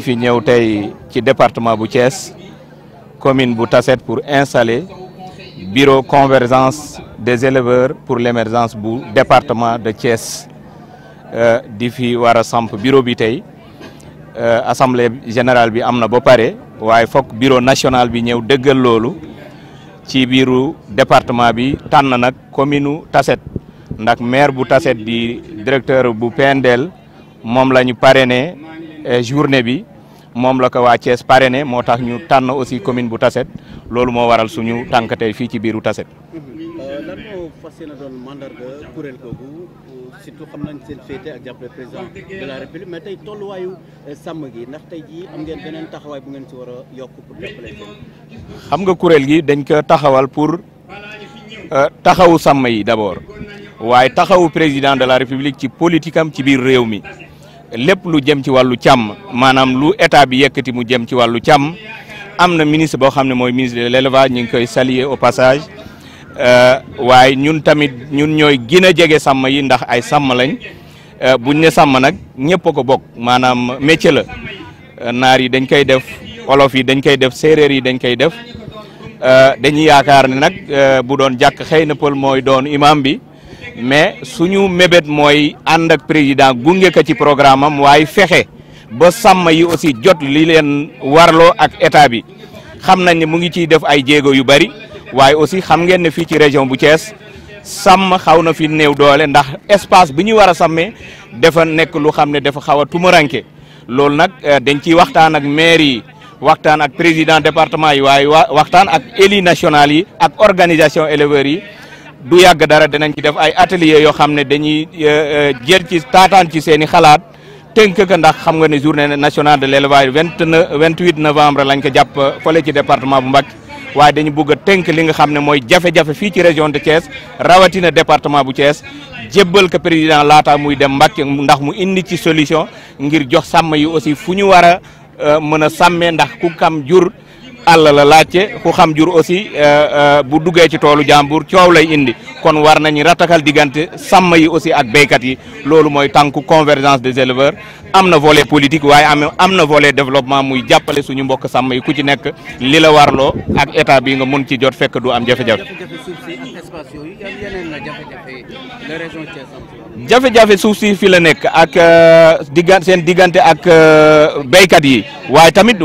fi ñew tay ci département bu Thiès commune bu Tassette pour installer bureau convergence des éleveurs pour l'émergence bu département de Thiès euh, di fi wara samp bureau bi euh assemblée générale bi amna na ba pare fokk bureau national bi ñew dëggal lolu ci biiru département bi tan nak commune Tasset Tassette maire bu Tassette di directeur bu PNDL mom la nuit parrainé Eh, journée bi moom la ko waa pare ne moo tax ñu tànn aussi commune bu taset loolu moo waral suñu tànk fii ci biiru Tassette. Euh, lan moo fas yéene tey tolluwaayu euh, sàmm gi ndax tey jii am ngeen beneen taxawaay bu ngeen ci war a yokk xam nga kuréel gi dañ ko taxawal pour euh, taxawu sàmm yi d'abord waaye taxawu président de la république ci politique ci biir réew mi. lépp lu jëm ci wàllu càmm maanaam lu état bi yëkkati mu jëm ci wàllu càmm am na ministre boo xam ne mooy ministre de l'élevage ñu ngi koy saluer au passage euh, waaye ñun tamit ñun ñooy gën a jege sàmm yi ndax ay sàmm lañ euh, buñ ne sàmm nag ñëpp ko bokk maanaam métier la euh, naar yi dañ koy def olof yi dañ koy def séeréer yi dañ koy def dañuy yaakaar ne nag bu doon jàkk xëy na pël mooy doon maam bi mais suñu mébét mooy ànd ak président gunge ko ci programme am waaye fexe ba sàmm yi aussi jot li leen warloo ak état bi xam nañ ne mu ngi ciy def ay jéego yu bari waaye aussi xam ngeen ne fii ci région bu Thiès sàmm xaw na fi néew doole ndax espace bi ñu war a sàmmee dafa nekk lu xam ne dafa xaw a tumuranke loolu nag euh, dañ ciy waxtaan ak maire yi waxtaan ak président département yi waaye waxtaan ak élus national yi ak organisation éleveurs yi du yàgg dara dinañ ci def ay atelier yoo xam ne dañuy euh, euh, jël ci taataan ci seen i xalaat tënk ko ndax xam nga ne journée nationale de l'élevage vingt neuf vingt huit novembre lañ ko jàpp fële ci département bu Mbacké waaye dañu bëgg a tënk li nga xam ne mooy jafe-jafe fii ci région de Thiès rawatina département bu Thiès jëbbal ko président laata muy dem Mbacké ndax mu indi ci solution ngir jox sàmm yi aussi fu ñu war a euh, mën a sàmmee ndax ku kam jur àll la laajte ku xam jur aussi euh, euh, bu duggee ci toolu jàmbur coow lay indi kon war nañu ratakal diggante sàmm yi aussi ak béykat yi loolu mooy tànku convergence des éleveurs am na volet politique waaye am am na volet développement muy jàppale suñu mbokk sàmm yi ku ci nekk li la warloo ak état bi nga mun ci jot fekk du am jafe-jafe. jafe-jafe suuf si fi la nekk ak euh, diggan seen diggante ak euh, béykat yi waaye tamit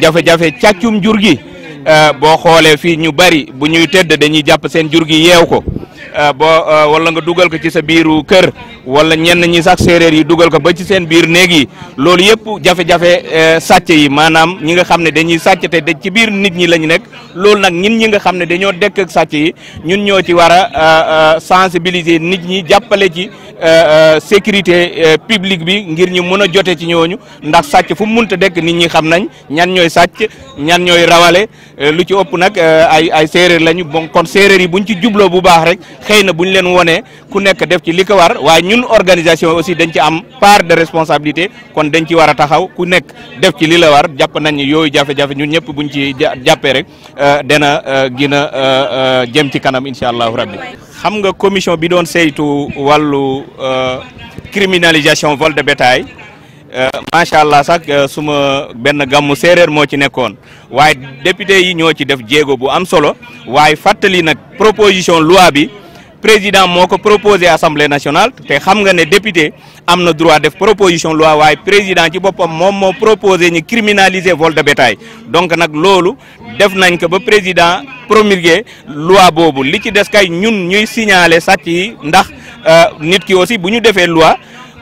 jafe-jafe càccum jur gi euh, boo xoolee fii ñu bari bu ñuy tëdd dañuy jàpp seen jur gi yeew ko boo wala nga dugal ko ci sa biiru kër wala ñenn ñi sax séeréer yi dugal ko ba ci seen biir néeg yi loolu yëpp jafe-jafe eh, sàcc yi maanaam ñi nga xam ne dañuy sàcc te ci biir nit ñi lañu nekk loolu nag ñun ñi nga xam ne dañoo dëkk ak sàcc yi ñun ñoo ci war a eh, eh, sensibiliser nit ñi jàppale ci sécurité publique bi ngir ñu mën a jote ci ñooñu ndax sàcc fu mu mënta dëkk nit ñi xam nañ ñan ñooy sàcc ñan ñooy rawale lu ci ëpp nag ay ay séeréer lañu bon kon séeréer yi buñ ci jubloo bu baax rek xëy na buñ leen wonee ku nekk def ci ñun organisation aussi dañ ci am part de responsabilité kon dañ ci war a taxaw ku nekk def ci li la war jàpp nañ ni yooyu jafe-jafe ñun ñëpp buñ ci jàppee rek euh, dana euh, gën a euh, jëm ci kanam incha allahu rabbi xam nga commission bi doon saytu wàllu criminalisation vol de bétail macha allah sax suma benn gàmmu séeréer moo ci nekkoon waaye député yi ñoo ci def jéego bu am solo waaye fàttali nag proposition loi bi. président moko proposé assemblée nationale té xam nga né député amna droit def proposition loi way président ci bopam mom mo proposé ni criminaliser vol de bétail donc nak lolu def nañ ko ba président promulguer loi bobu li ci des kay ñun ñuy signaler sàcc yi ndax euh, nit ki aussi buñu défé loi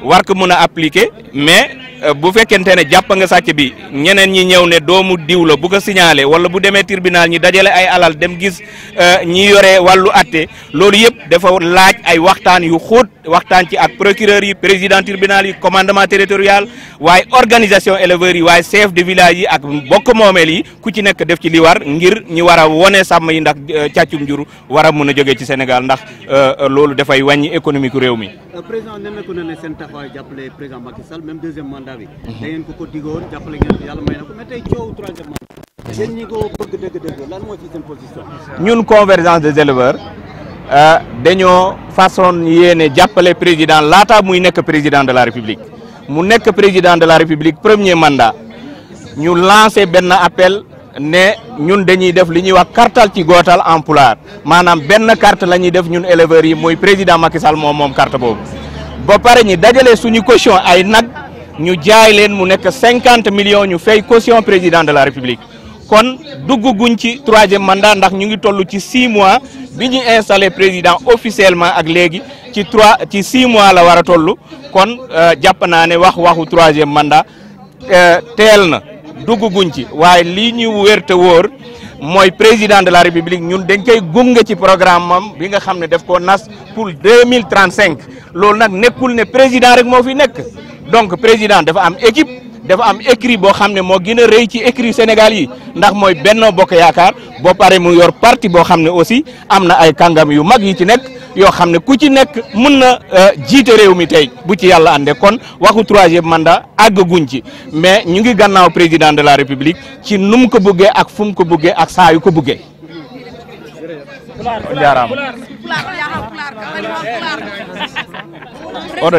war ko mëna appliquer mais Euh, bu fekkente ne jàpp nga sàcc bi ñeneen ñi ñëw ne doomu diw la bu ko signalé wala bu demee tribunal ñi dajale ay alal dem gis euh, ñi yore wàllu atte loolu yëpp dafa laaj ay waxtaan yu xóot waxtaan ci ak procureur yi président tribunal yi commandement territorial waaye organisation éleveurs yi waaye chef de village yi ak bokk moomeel yi ku ci nekk def ci li war ngir ñu war a wone sàmm yi ndax euh, càccum jur war a mun a jógee ci Sénégal ndax euh, loolu dafay wàññi économique réew mi. Euh, président nemmeeku na jàppale président Macky Sall même deuxième mandat bi. Mhm. da ngeen ko ko diggoon jàppale ngeen mhm. ñun convergence des éleveurs. Euh, dañoo façon yéene jàppale président laata muy nekk président de la république mu nekk président de la république premier mandat ñu lancé benn appel ne ñun dañuy def li ñuy wax kartal ci gootal en pulaar maanaam benn carte la ñuy def ñun éleveurs yi mooy président Macky Sall moom moom carte boobu ba pare ñi dajale suñu caution ay nag ñu jaay leen mu nekk cinquante millions ñu fay caution président de la république kon dugguñ ci troisième mandat ndax ñu ngi toll ci six mois bi ñu installé président officiellement ak léegi ci trois ci six mois la war a toll kon euh, jàpp naa ne wax waxu troisième mandat euh, teel na dugguñ ci waaye lii ñu wér te wóor mooy président de la république ñun dañ koy gunge ci programme mam bi nga xam ne def ko nas pour deux mille trente cinq loolu nag nekkul ne président rek moo fi nekk donc président dafa am équipe. dafa am écrit boo xam ne moo gën a rëy ci écrit Sénégal yi ndax mooy Benno Bokk Yaakaar boo pare mu yor parti boo xam ne aussi am na ay kàngam yu mag yi ci nekk yoo xam ne ku ci nekk mun na euh, jiite réew mi tey bu ci yàlla ànde kon waxu troisième mandat àggaguñ ci mais ñu ngi gannaaw président de la république ci nu mu ko buggee ak fu mu ko buggee ak saa yu ko buggee. jaaraama oto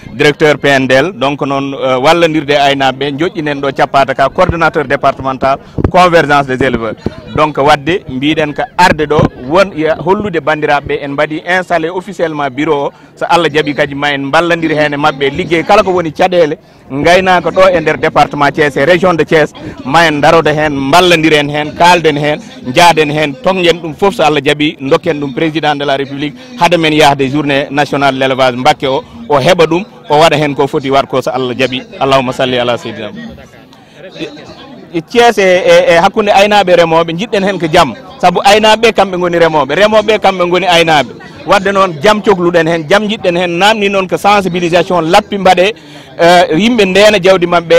directeur pndl donc non euh, wallodirde de aynaɓe ɓe joƴƴinen ɗo cappata ka coordonnateur départemental convergence des éleveurs donc wadde mbiɗen Ardedo, arde ɗo won hollude de en Badi installé officiellement bureau ça so allah jaaɓi kadi ma en ligue hen e kala ko woni caɗele gaynaka ɗo e der département Thiès, et région de Thiès, ma en de hen ballodiren hen kalden hen jaaden hen tongen Dum foof force allah jaaɓi dokken président de la république Hademen men des journée nationale l' élevage o heɓa ɗum o waɗa hen ko foti wat ko so allah jaaɓi allahuma salli ala seydina ceese e e hakkude aynaɓe remoɓe jiɗɗen hen ko jaam saabu aynaɓeɓe kamɓe goni remoɓe remoɓeɓe kamɓe goni aynaɓe wadde noon jaam cohluɗen hen jaam jiɗɗen hen namdi noon ko sensibilisation lappi mbaɗe e, yimɓe ndena jawdi mabɓe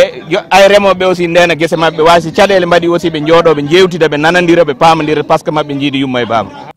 ay remoɓeɓe aussi ndena guese mabɓe wasi caɗele mbaɗi aussi ɓe jooɗoɓe jewtida ɓe nanadira ɓe pamadira par ce que mabɓe jiidi yumma e baba